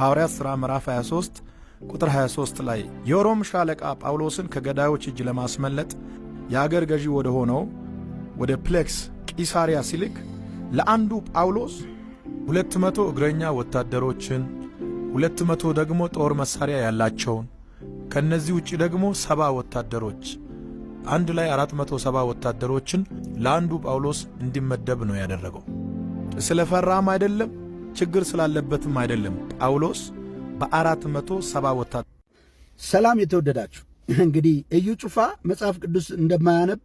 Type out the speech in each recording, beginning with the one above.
ሐዋርያት ሥራ ምዕራፍ 23 ቁጥር 23 ላይ የሮም ሻለቃ ጳውሎስን ከገዳዮች እጅ ለማስመለጥ የአገር ገዢ ወደ ሆነው ወደ ፕሌክስ ቂሳሪያ ሲልክ ለአንዱ ጳውሎስ ሁለት መቶ እግረኛ ወታደሮችን ሁለት መቶ ደግሞ ጦር መሣሪያ ያላቸውን ከእነዚህ ውጭ ደግሞ ሰባ ወታደሮች አንድ ላይ አራት መቶ ሰባ ወታደሮችን ለአንዱ ጳውሎስ እንዲመደብ ነው ያደረገው። ስለፈራም አይደለም ችግር ስላለበትም አይደለም። ጳውሎስ በአራት መቶ ሰባ ወታት ሰላም የተወደዳችሁ እንግዲህ እዩ ጩፋ መጽሐፍ ቅዱስ እንደማያነብ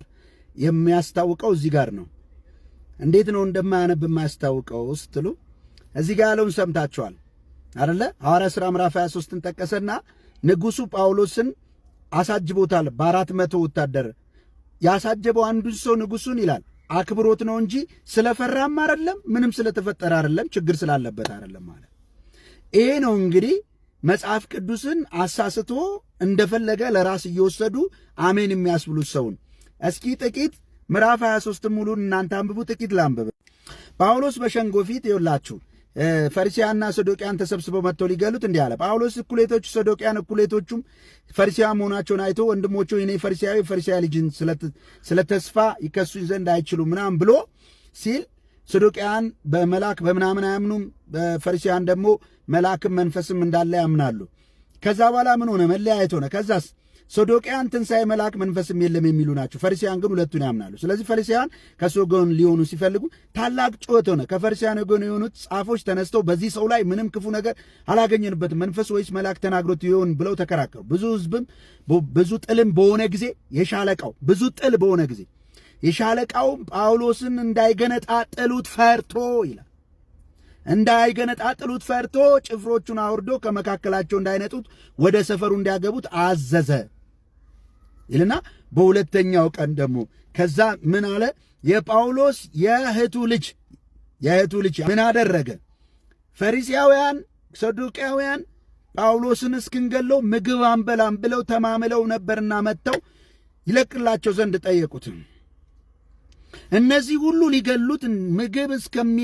የሚያስታውቀው እዚህ ጋር ነው። እንዴት ነው እንደማያነብ የማያስታውቀው ስትሉ እዚህ ጋር ያለውን ሰምታችኋል አደለ? ሐዋርያ ሥራ ምዕራፍ 23ን ጠቀሰና ንጉሡ ጳውሎስን አሳጅቦታል በአራት መቶ ወታደር ያሳጀበው አንዱን ሰው ንጉሡን ይላል አክብሮት ነው እንጂ ስለፈራም አይደለም፣ ምንም ስለተፈጠረ አይደለም፣ ችግር ስላለበት አይደለም ማለት ይሄ ነው እንግዲህ መጽሐፍ ቅዱስን አሳስቶ እንደፈለገ ለራስ እየወሰዱ አሜን የሚያስብሉት ሰውን። እስኪ ጥቂት ምዕራፍ 23 ሙሉን እናንተ አንብቡ፣ ጥቂት ላንብብ። ጳውሎስ በሸንጎ ፊት ይውላችሁ ፈሪሳያና ሰዶቅያን ተሰብስበው መጥተው ሊገሉት እንዲህ አለ። ጳውሎስ እኩሌቶቹ ሰዶቅያን እኩሌቶቹም ፈሪሳያ መሆናቸውን አይቶ ወንድሞቹ እኔ ፈሪሳዊ ፈሪሳያ ልጅን ስለ ተስፋ ይከሱኝ ዘንድ አይችሉም ምናምን ብሎ ሲል ሰዶቅያን በመላክ በምናምን አያምኑም፣ በፈሪሳያን ደግሞ መላክም መንፈስም እንዳለ ያምናሉ። ከዛ በኋላ ምን ሆነ? መለያየት ሆነ። ከዛስ ሰዶቅያን ትንሣኤ መልአክ መንፈስም የለም የሚሉ ናቸው። ፈሪሳውያን ግን ሁለቱን ያምናሉ። ስለዚህ ፈሪሳውያን ከሱ ጎን ሊሆኑ ሲፈልጉ ታላቅ ጩኸት ሆነ። ከፈሪሳውያን ጎን የሆኑት ጻፎች ተነስተው በዚህ ሰው ላይ ምንም ክፉ ነገር አላገኘንበትም፣ መንፈስ ወይስ መልአክ ተናግሮት ይሆን ብለው ተከራከሩ። ብዙ ህዝብም ብዙ ጥልም በሆነ ጊዜ የሻለቃው ብዙ ጥል በሆነ ጊዜ የሻለቃውም ጳውሎስን እንዳይገነጣጥሉት ፈርቶ ይላል እንዳይገነጣጥሉት ፈርቶ ጭፍሮቹን አውርዶ ከመካከላቸው እንዳይነጡት ወደ ሰፈሩ እንዲያገቡት አዘዘ። ይልና በሁለተኛው ቀን ደግሞ ከዛ ምን አለ? የጳውሎስ የእህቱ ልጅ የእህቱ ልጅ ምን አደረገ? ፈሪሳውያን ሰዱቃውያን ጳውሎስን እስክንገለው ምግብ አንበላም ብለው ተማምለው ነበርና መጥተው ይለቅላቸው ዘንድ ጠየቁት። እነዚህ ሁሉ ሊገሉት ምግብ እስከሚ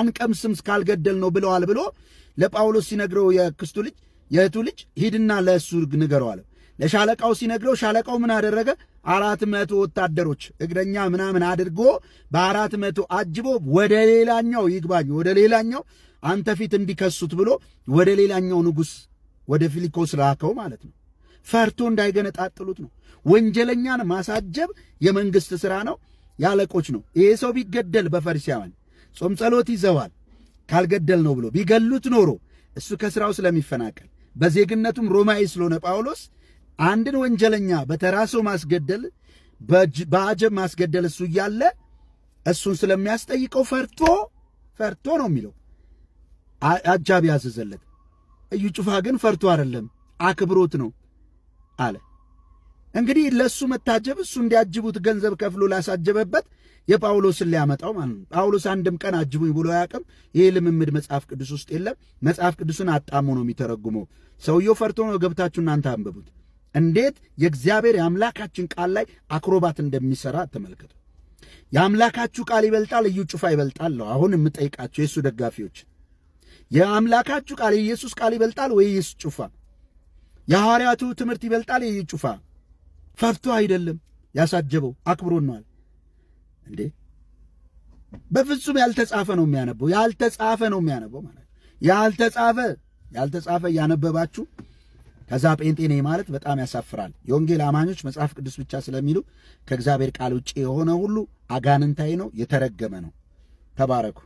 አንቀምስም እስካልገደል ነው ብለዋል ብሎ ለጳውሎስ ሲነግረው የክስቱ ልጅ የእህቱ ልጅ ሂድና ለእሱ ንገረው ለሻለቃው ሲነግረው ሻለቃው ምን አደረገ? አራት መቶ ወታደሮች እግረኛ ምናምን አድርጎ በአራት መቶ አጅቦ ወደ ሌላኛው ይግባኝ ወደ ሌላኛው አንተ ፊት እንዲከሱት ብሎ ወደ ሌላኛው ንጉሥ ወደ ፊሊኮስ ላከው ማለት ነው። ፈርቶ እንዳይገነጣጥሉት ነው። ወንጀለኛን ማሳጀብ የመንግስት ሥራ ነው፣ ያለቆች ነው። ይሄ ሰው ቢገደል በፈሪሳውያን ጾም ጸሎት ይዘዋል ካልገደል ነው ብሎ ቢገሉት ኖሮ እሱ ከሥራው ስለሚፈናቀል በዜግነቱም ሮማዊ ስለሆነ ጳውሎስ አንድን ወንጀለኛ በተራሱ ማስገደል በአጀብ ማስገደል እሱ እያለ እሱን ስለሚያስጠይቀው ፈርቶ ፈርቶ ነው የሚለው አጃቢ ያዘዘለት። እዩ ጩፋ ግን ፈርቶ አይደለም አክብሮት ነው አለ። እንግዲህ ለእሱ መታጀብ እሱ እንዲያጅቡት ገንዘብ ከፍሎ ላሳጀበበት የጳውሎስን ሊያመጣው ማለት ነው። ጳውሎስ አንድም ቀን አጅቡኝ ብሎ አያውቅም። ይህ ልምምድ መጽሐፍ ቅዱስ ውስጥ የለም። መጽሐፍ ቅዱስን አጣሙ ነው የሚተረጉመው። ሰውየው ፈርቶ ነው። ገብታችሁ እናንተ አንብቡት። እንዴት የእግዚአብሔር የአምላካችን ቃል ላይ አክሮባት እንደሚሰራ ተመልከቱ። የአምላካችሁ ቃል ይበልጣል፣ እዩ ጩፋ ይበልጣል ነው አሁን የምጠይቃቸው የእሱ ደጋፊዎች። የአምላካችሁ ቃል የኢየሱስ ቃል ይበልጣል ወይ ኢየሱስ ጩፋ? የሐዋርያቱ ትምህርት ይበልጣል የኢዩ ጩፋ? ፈርቶ አይደለም ያሳጀበው አክብሮን ነዋል እንዴ! በፍጹም ያልተጻፈ ነው የሚያነበው፣ ያልተጻፈ ነው የሚያነበው ማለት ያልተጻፈ ያልተጻፈ እያነበባችሁ ከዛ ጴንጤ ነኝ ማለት በጣም ያሳፍራል። የወንጌል አማኞች መጽሐፍ ቅዱስ ብቻ ስለሚሉ ከእግዚአብሔር ቃል ውጭ የሆነ ሁሉ አጋንንታይ ነው፣ የተረገመ ነው። ተባረኩ።